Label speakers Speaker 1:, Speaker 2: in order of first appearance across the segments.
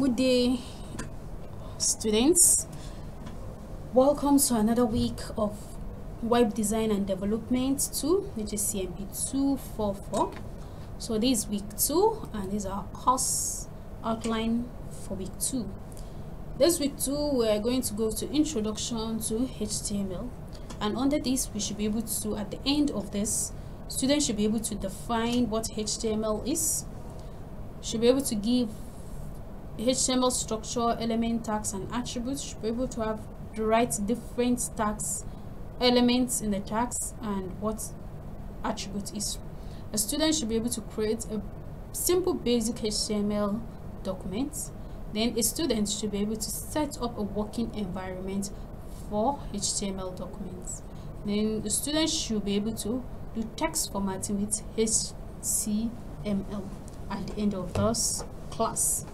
Speaker 1: Good day, students. Welcome to another week of Web Design and Development 2, which is CMP 244. So this is week 2, and these are course outline for week 2. This week 2, we are going to go to Introduction to HTML. And under this, we should be able to, at the end of this, students should be able to define what HTML is, should be able to give HTML structure, element tags, and attributes should be able to have the right different tags, elements in the tags, and what attribute is. A student should be able to create a simple basic HTML document. Then a student should be able to set up a working environment for HTML documents. Then the student should be able to do text formatting with HTML at the end of this class.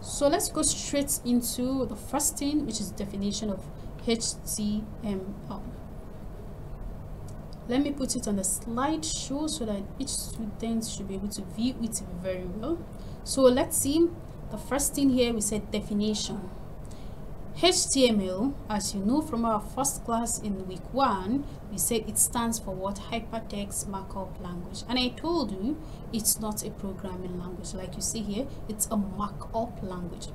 Speaker 1: So let's go straight into the first thing, which is definition of HTML. Let me put it on the slideshow so that each student should be able to view it very well. So let's see, the first thing here we said definition. HTML, as you know from our first class in week one, we said it stands for what? Hypertext Markup Language. And I told you it's not a programming language. Like you see here, it's a markup language.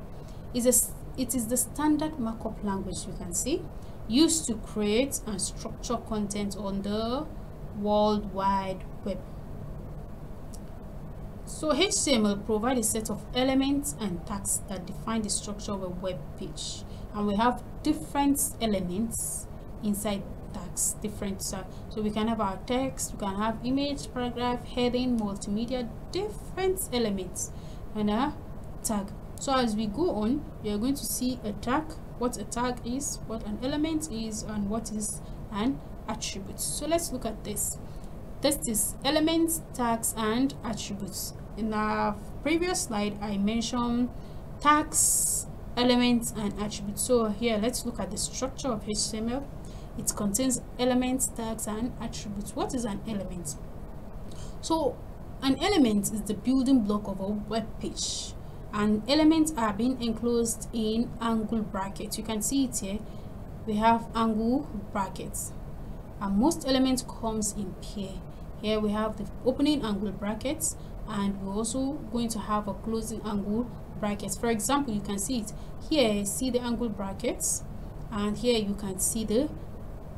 Speaker 1: It's a, it is the standard markup language you can see, used to create and structure content on the World Wide Web. So HTML provides a set of elements and tags that define the structure of a web page and we have different elements inside tags different so, so we can have our text we can have image paragraph heading multimedia different elements and a tag so as we go on you're going to see a tag what a tag is what an element is and what is an attribute so let's look at this this is elements tags and attributes in our previous slide i mentioned tags elements and attributes so here let's look at the structure of html it contains elements tags and attributes what is an element so an element is the building block of a web page and elements are being enclosed in angle brackets you can see it here we have angle brackets and most elements comes in pair here we have the opening angle brackets and we're also going to have a closing angle brackets for example you can see it here see the angle brackets and here you can see the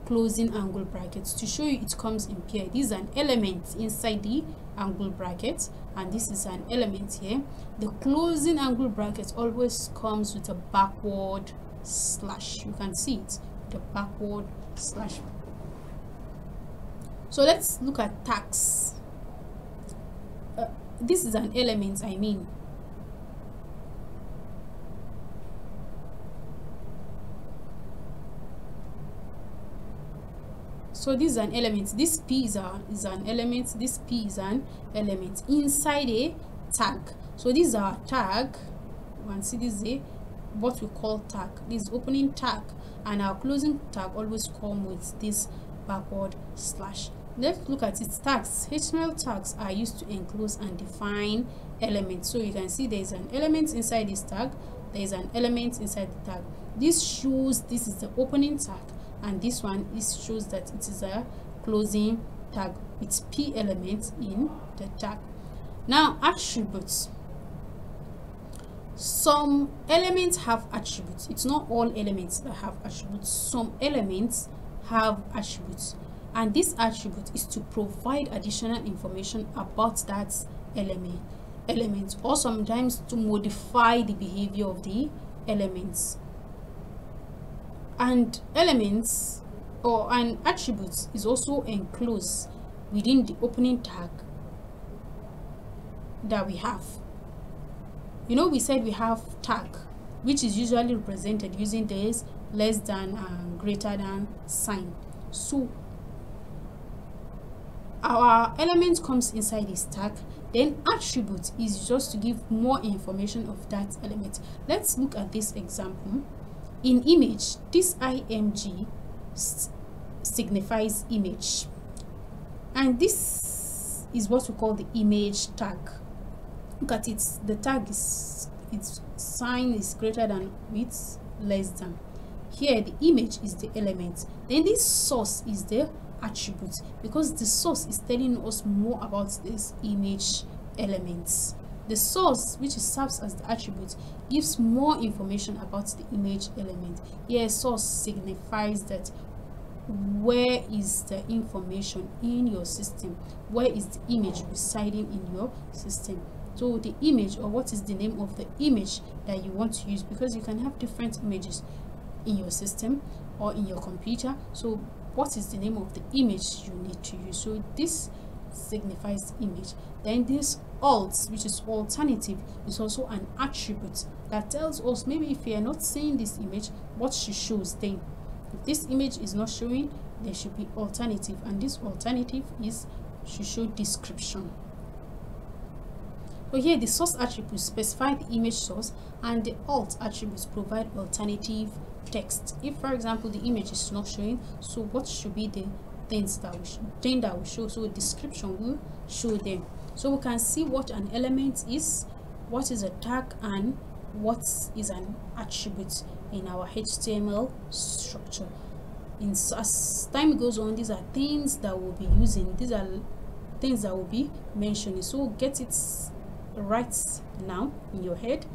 Speaker 1: closing angle brackets to show you it comes in pair this is an element inside the angle bracket and this is an element here the closing angle bracket always comes with a backward slash you can see it the backward slash so let's look at tax this is an element I mean so this is an element this p is, a, is an element this p is an element inside a tag so this is our tag you can see this is a what we call tag this opening tag and our closing tag always come with this backward slash let's look at its tags html tags are used to enclose and define elements so you can see there is an element inside this tag there is an element inside the tag this shows this is the opening tag and this one is shows that it is a closing tag It's p elements in the tag now attributes some elements have attributes it's not all elements that have attributes some elements have attributes and this attribute is to provide additional information about that element element or sometimes to modify the behavior of the elements and elements or an attributes is also enclosed within the opening tag that we have you know we said we have tag which is usually represented using this less than and uh, greater than sign so our element comes inside the stack then attribute is just to give more information of that element let's look at this example in image this img signifies image and this is what we call the image tag look at it the tag is its sign is greater than width less than here the image is the element then this source is the Attribute because the source is telling us more about this image elements. The source, which serves as the attribute, gives more information about the image element. Here, source signifies that where is the information in your system? Where is the image residing in your system? So the image or what is the name of the image that you want to use because you can have different images in your system or in your computer. So what is the name of the image you need to use so this signifies image then this alt which is alternative is also an attribute that tells us maybe if you are not seeing this image what she shows then if this image is not showing there should be alternative and this alternative is should show description so here the source attribute specify the image source and the alt attributes provide alternative text if for example the image is not showing so what should be the things that we should, thing that will show so description will show them so we can see what an element is what is a tag and what is an attribute in our html structure in as time goes on these are things that we'll be using these are things that will be mentioning so get it right now in your head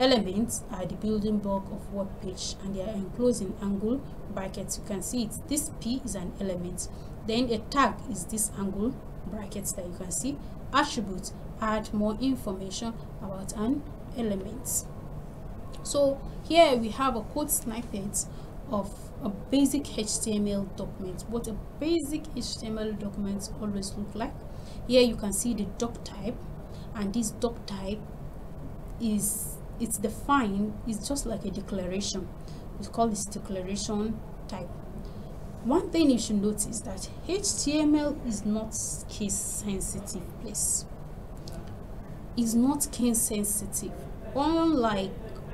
Speaker 1: Elements are the building block of web page and they are enclosed in angle brackets. You can see it. This P is an element. Then a tag is this angle brackets that you can see. Attributes add more information about an element. So here we have a code snippet of a basic HTML document. What a basic HTML document always look like. Here you can see the doc type and this doc type is it's defined it's just like a declaration we call this declaration type one thing you should notice that html is not case sensitive please is not case sensitive unlike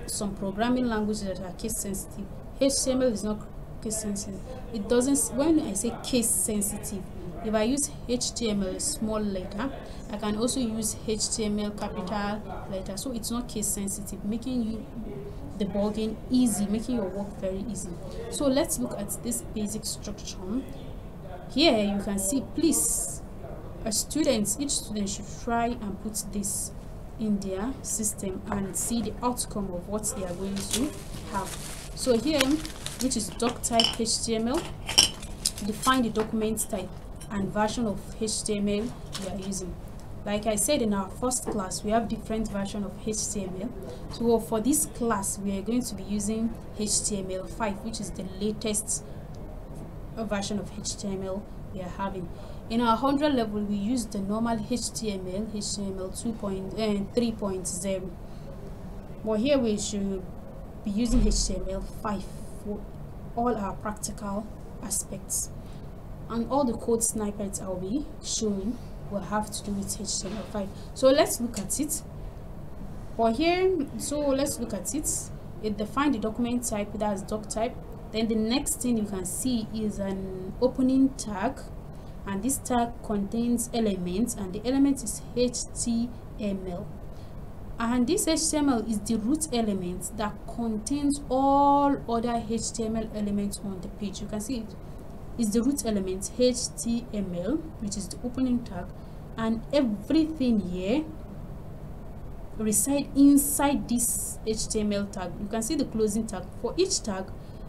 Speaker 1: some programming languages that are case sensitive html is not case sensitive it doesn't when i say case sensitive if I use HTML small letter I can also use HTML capital letter so it's not case sensitive making you debugging easy making your work very easy so let's look at this basic structure here you can see please a student each student should try and put this in their system and see the outcome of what they are going to have so here which is doc type html define the document type and version of HTML we are using. Like I said in our first class, we have different version of HTML. So for this class, we are going to be using HTML5, which is the latest version of HTML we are having. In our 100 level, we use the normal HTML, HTML 2.3.0. Eh, but here we should be using HTML5 for all our practical aspects and all the code snippets I'll be showing will have to do with HTML5 so let's look at it for here so let's look at it it defines the document type that's doc type then the next thing you can see is an opening tag and this tag contains elements and the element is HTML and this HTML is the root element that contains all other HTML elements on the page you can see it is the root element HTML, which is the opening tag, and everything here reside inside this HTML tag. You can see the closing tag. For each tag,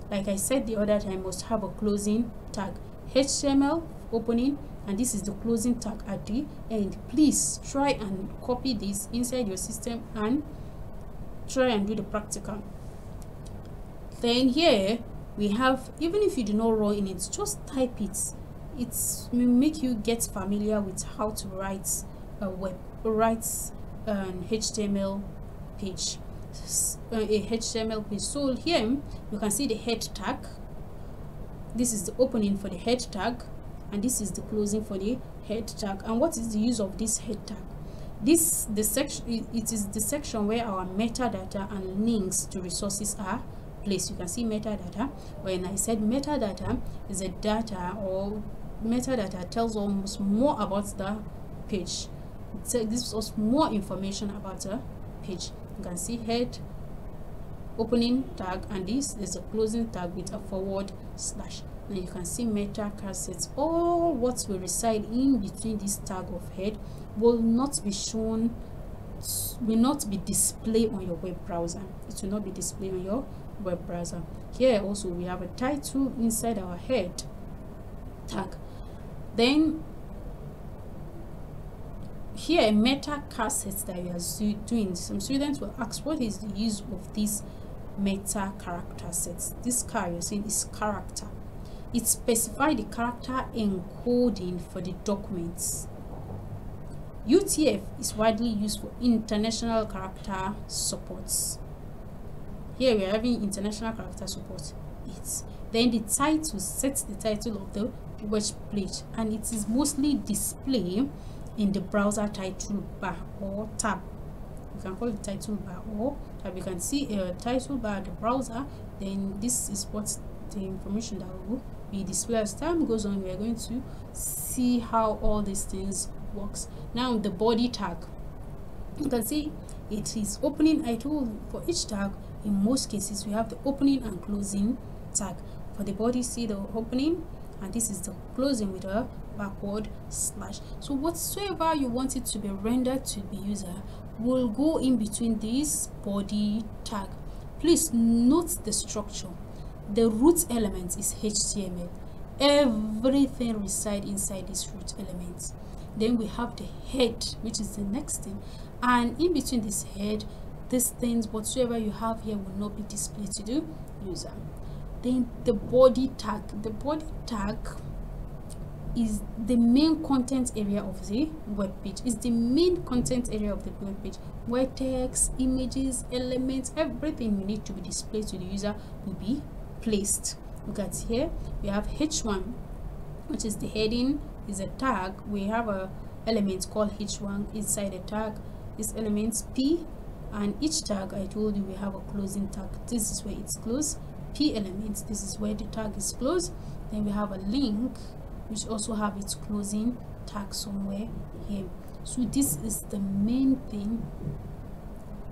Speaker 1: like I said the other time, must have a closing tag. HTML opening and this is the closing tag at the end. Please try and copy this inside your system and try and do the practical. Then here we have even if you do not roll in it just type it it will make you get familiar with how to write a web write an html page uh, a html page so here you can see the head tag this is the opening for the head tag and this is the closing for the head tag and what is the use of this head tag this the section it is the section where our metadata and links to resources are place you can see metadata when i said metadata is a data or metadata tells almost more about the page it gives us more information about the page you can see head opening tag and this is a closing tag with a forward slash now you can see meta cassettes all what will reside in between this tag of head will not be shown will not be displayed on your web browser it will not be displayed on your web browser here also we have a title inside our head tag then here a meta cassettes that we are doing some students will ask what is the use of this meta character sets this car you're seeing is character it specifies the character encoding for the documents utf is widely used for international character supports here we are having international character support. It's then the title sets the title of the web page and it is mostly displayed in the browser title bar or tab. You can call it title bar or tab. You can see a uh, title bar the browser. Then this is what the information that will be displayed as time goes on. We are going to see how all these things works. Now the body tag. You can see it is opening. I told for each tag in most cases we have the opening and closing tag for the body see the opening and this is the closing with a backward slash so whatsoever you want it to be rendered to the user uh, will go in between this body tag please note the structure the root element is html everything reside inside this root element then we have the head which is the next thing and in between this head these things whatsoever you have here will not be displayed to the user then the body tag the body tag is the main content area of the web page is the main content area of the web page where text images elements everything you need to be displayed to the user will be placed look at here we have h1 which is the heading is a tag we have a element called h1 inside the tag this element p and each tag i told you we have a closing tag this is where it's closed p elements this is where the tag is closed then we have a link which also have its closing tag somewhere here so this is the main thing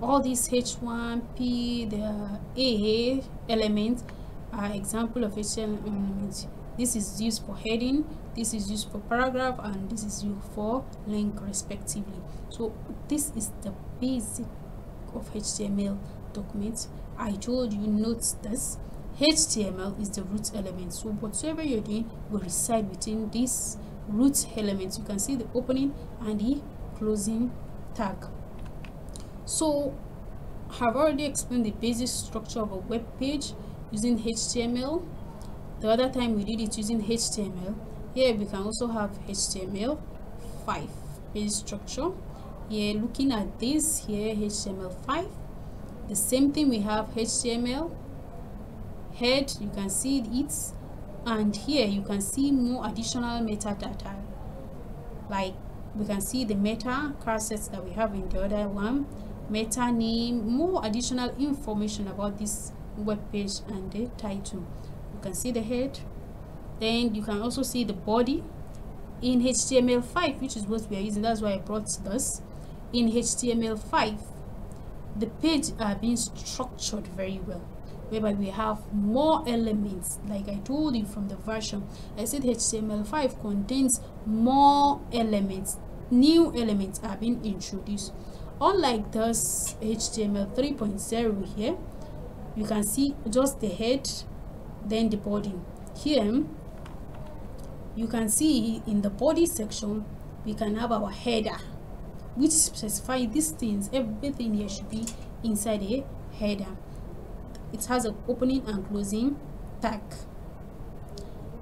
Speaker 1: all these h1 p the a elements are example of h elements this is used for heading this is used for paragraph and this is used for link respectively so this is the basic of HTML documents. I told you note this HTML is the root element. So whatever you're doing will reside within this root element. You can see the opening and the closing tag. So I've already explained the basic structure of a web page using HTML. The other time we did it using HTML. Here we can also have HTML5 page structure here looking at this here HTML5 the same thing we have HTML head you can see it and here you can see more additional metadata like we can see the meta cassettes that we have in the other one meta name more additional information about this web page and the title you can see the head then you can also see the body in html5 which is what we are using that's why i brought this in HTML5, the page are being structured very well whereby we have more elements like i told you from the version i said html5 contains more elements new elements are being introduced unlike this html 3.0 here you can see just the head then the body here you can see in the body section we can have our header which specify these things everything here should be inside a header it has an opening and closing tag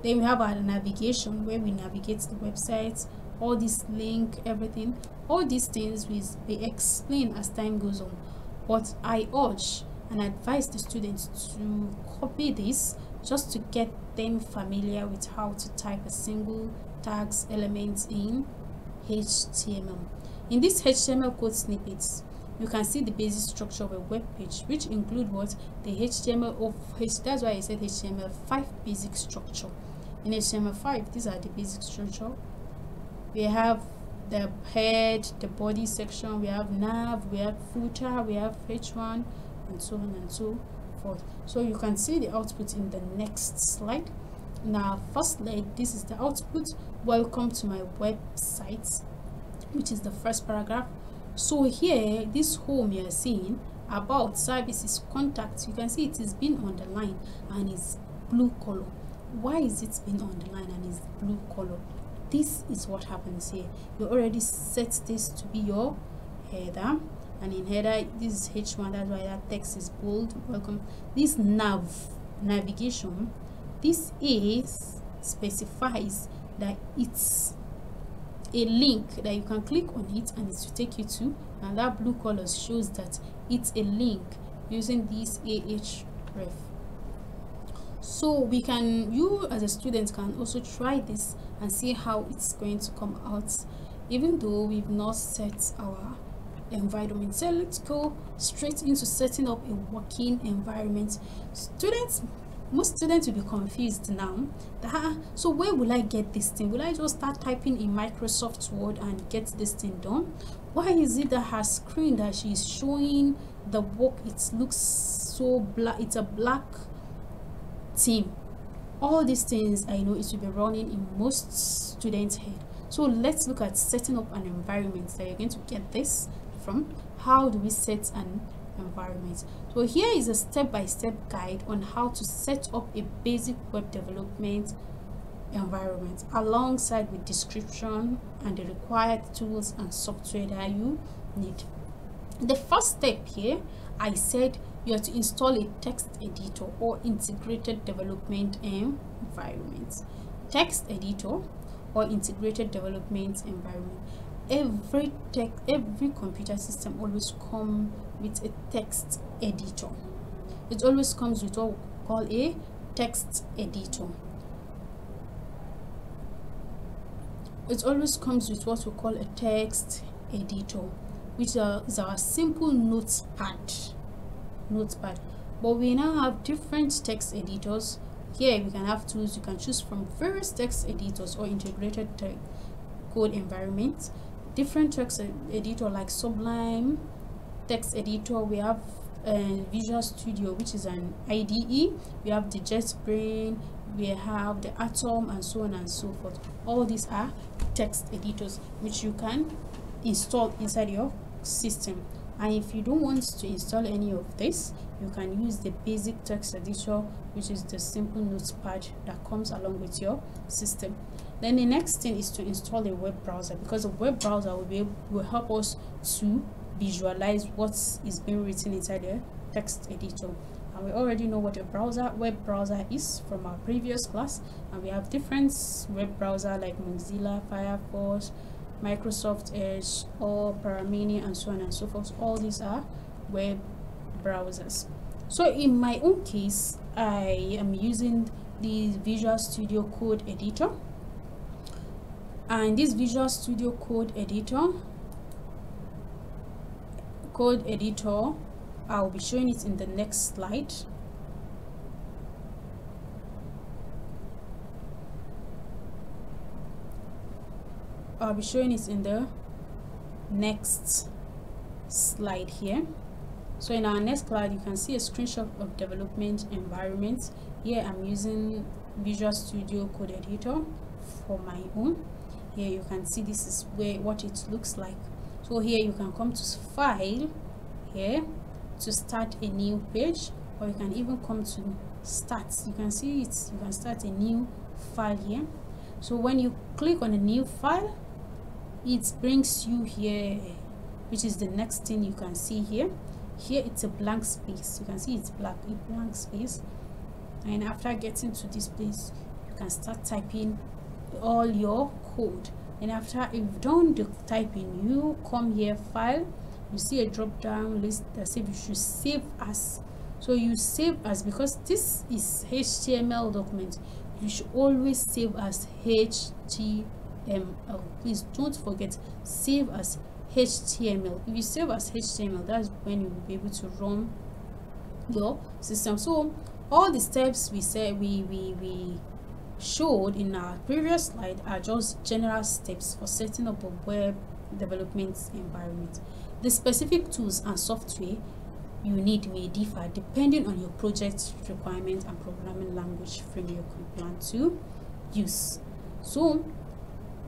Speaker 1: then we have our navigation where we navigate the website all this link everything all these things will be explained as time goes on but i urge and advise the students to copy this just to get them familiar with how to type a single tags element in html in this HTML code snippets, you can see the basic structure of a web page, which include what the HTML of H. That's why I said HTML5 basic structure. In HTML5, these are the basic structure. We have the head, the body section, we have nav, we have footer, we have h1, and so on and so forth. So you can see the output in the next slide. Now, first slide, this is the output. Welcome to my website which is the first paragraph so here this home you're seeing about services contacts you can see it is being underlined and is blue color why is it being underlined and is blue color this is what happens here you already set this to be your header and in header this is h1 that's why that text is bold welcome this nav navigation this is specifies that it's a link that you can click on it and it will take you to and that blue color shows that it's a link using this ahref so we can you as a student can also try this and see how it's going to come out even though we've not set our environment so let's go straight into setting up a working environment students most students will be confused now that, ah, so where will i get this thing will i just start typing in microsoft word and get this thing done why is it that her screen that she is showing the work it looks so black it's a black team all these things i know it will be running in most students head so let's look at setting up an environment that you're going to get this from how do we set an environment so here is a step-by-step -step guide on how to set up a basic web development environment alongside with description and the required tools and software that you need. The first step here, I said you have to install a text editor or integrated development environment. Text editor or integrated development environment. Every tech, every computer system always come with a text editor it always comes with what we call a text editor it always comes with what we call a text editor which is our simple notepad notepad but we now have different text editors here we can have tools you can choose from various text editors or integrated code environments different text editor like sublime text editor we have uh, visual studio which is an IDE we have the JetBrains we have the atom and so on and so forth all these are text editors which you can install inside your system and if you don't want to install any of this you can use the basic text editor which is the simple notepad that comes along with your system then the next thing is to install a web browser because a web browser will be will help us to visualize what is being written inside the text editor and we already know what a browser web browser is from our previous class and we have different web browser like mozilla firefox microsoft edge or paramini and so on and so forth all these are web browsers so in my own case i am using the visual studio code editor and this visual studio code editor code editor I'll be showing it in the next slide I'll be showing it in the next slide here so in our next slide you can see a screenshot of development environment here I'm using Visual Studio Code Editor for my own here you can see this is where what it looks like so here you can come to file here to start a new page or you can even come to start you can see it you can start a new file here so when you click on a new file it brings you here which is the next thing you can see here here it's a blank space you can see it's black a blank space and after getting to this place you can start typing all your code and after you've done the typing you come here file you see a drop down list that says you should save as so you save as because this is html document you should always save as html please don't forget save as html if you save as html that's when you will be able to run your system so all the steps we said we we we showed in our previous slide are just general steps for setting up a web development environment. The specific tools and software you need may differ depending on your project requirement and programming language framework you plan to use. So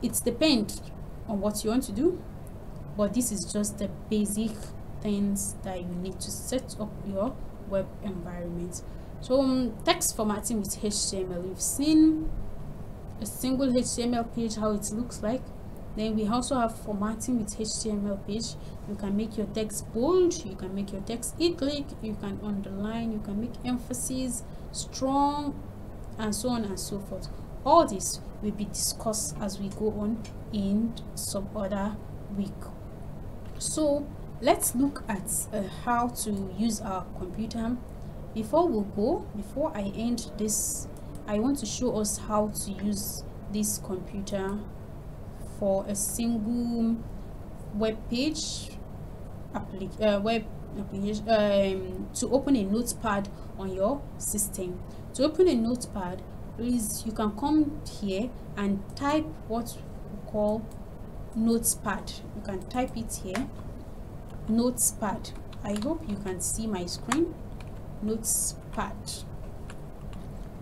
Speaker 1: it depends on what you want to do, but this is just the basic things that you need to set up your web environment. So um, text formatting with HTML. We've seen a single HTML page, how it looks like. Then we also have formatting with HTML page. You can make your text bold, you can make your text italic, you can underline, you can make emphasis strong, and so on and so forth. All this will be discussed as we go on in some other week. So let's look at uh, how to use our computer before we go before i end this i want to show us how to use this computer for a single web page applic uh, web application um, to open a notepad on your system to open a notepad please you can come here and type what we call notepad you can type it here notepad i hope you can see my screen Notes pad.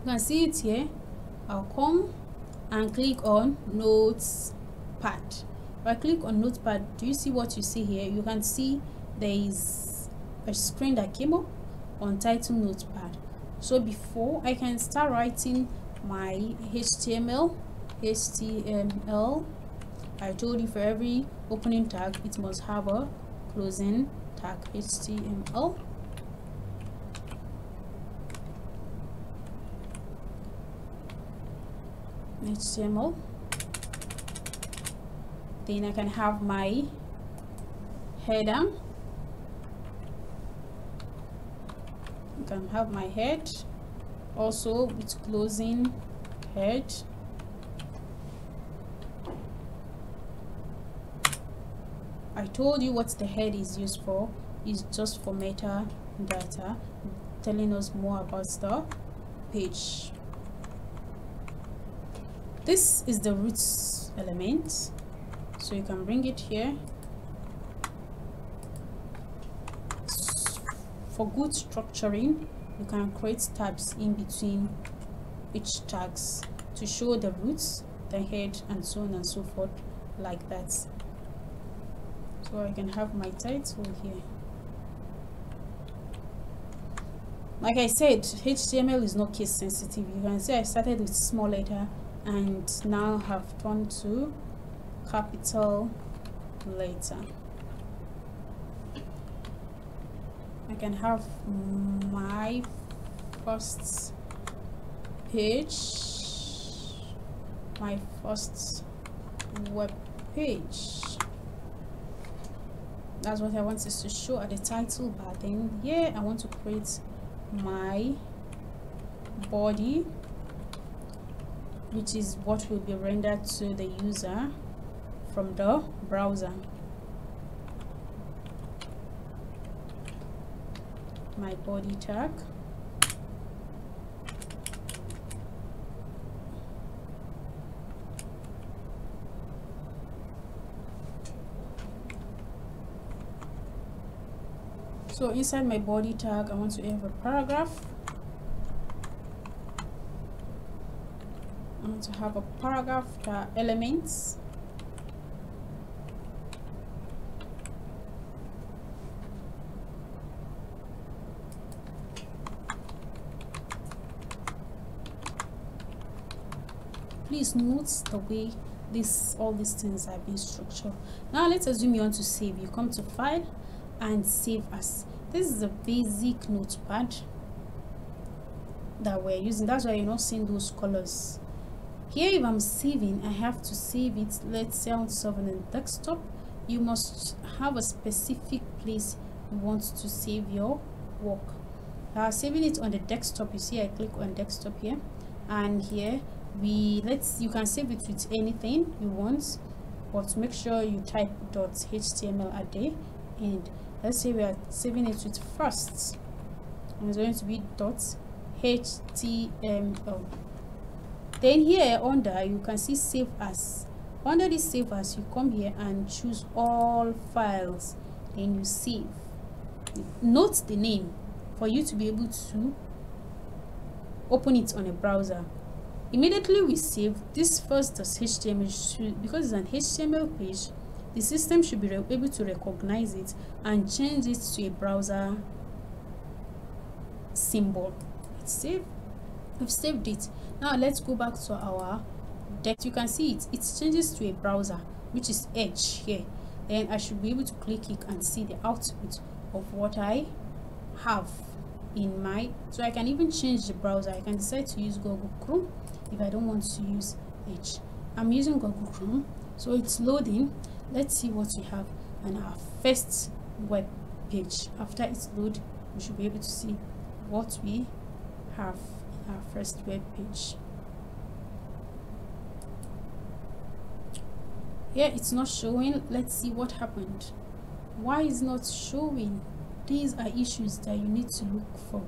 Speaker 1: you can see it here i'll come and click on Notes pad. if i click on notepad do you see what you see here you can see there is a screen that came up on title notepad so before i can start writing my html html i told you for every opening tag it must have a closing tag html HTML then I can have my header I can have my head also it's closing head I told you what the head is used for is just for meta data, telling us more about the page this is the roots element so you can bring it here for good structuring you can create tabs in between each tags to show the roots the head and so on and so forth like that so I can have my title here like I said HTML is not case sensitive you can see I started with small letter and now have turned to capital letter. I can have my first page, my first web page. That's what I want is to show at the title but Then here I want to create my body which is what will be rendered to the user from the browser. My body tag. So inside my body tag, I want to have a paragraph going to have a paragraph elements please note the way this all these things are being structured now let's assume you want to save you come to file and save as this is a basic notepad that we're using that's why you're not seeing those colors here if I'm saving, I have to save it, let's say on and Desktop. You must have a specific place you want to save your work. now uh, saving it on the desktop, you see I click on desktop here and here we let's you can save it with anything you want but make sure you type .html a day. And Let's say we are saving it with first. And it's going to be .html then here under you can see save as under this save as you come here and choose all files then you save note the name for you to be able to open it on a browser immediately we save this first as html because it's an html page the system should be able to recognize it and change it to a browser symbol Save. we i've saved it now let's go back to our deck you can see it it changes to a browser which is edge here then i should be able to click it and see the output of what i have in my so i can even change the browser i can decide to use google chrome if i don't want to use edge i'm using google chrome so it's loading let's see what we have on our first web page after it's load we should be able to see what we have our first web page yeah it's not showing let's see what happened why is not showing these are issues that you need to look for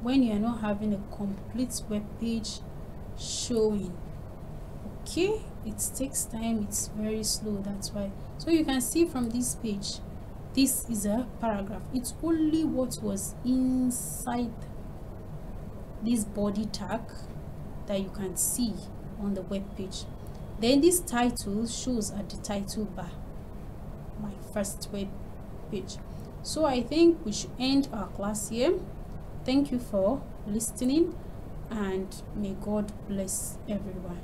Speaker 1: when you are not having a complete web page showing okay it takes time it's very slow that's why so you can see from this page this is a paragraph it's only what was inside this body tag that you can see on the web page then this title shows at the title bar my first web page so i think we should end our class here thank you for listening and may god bless everyone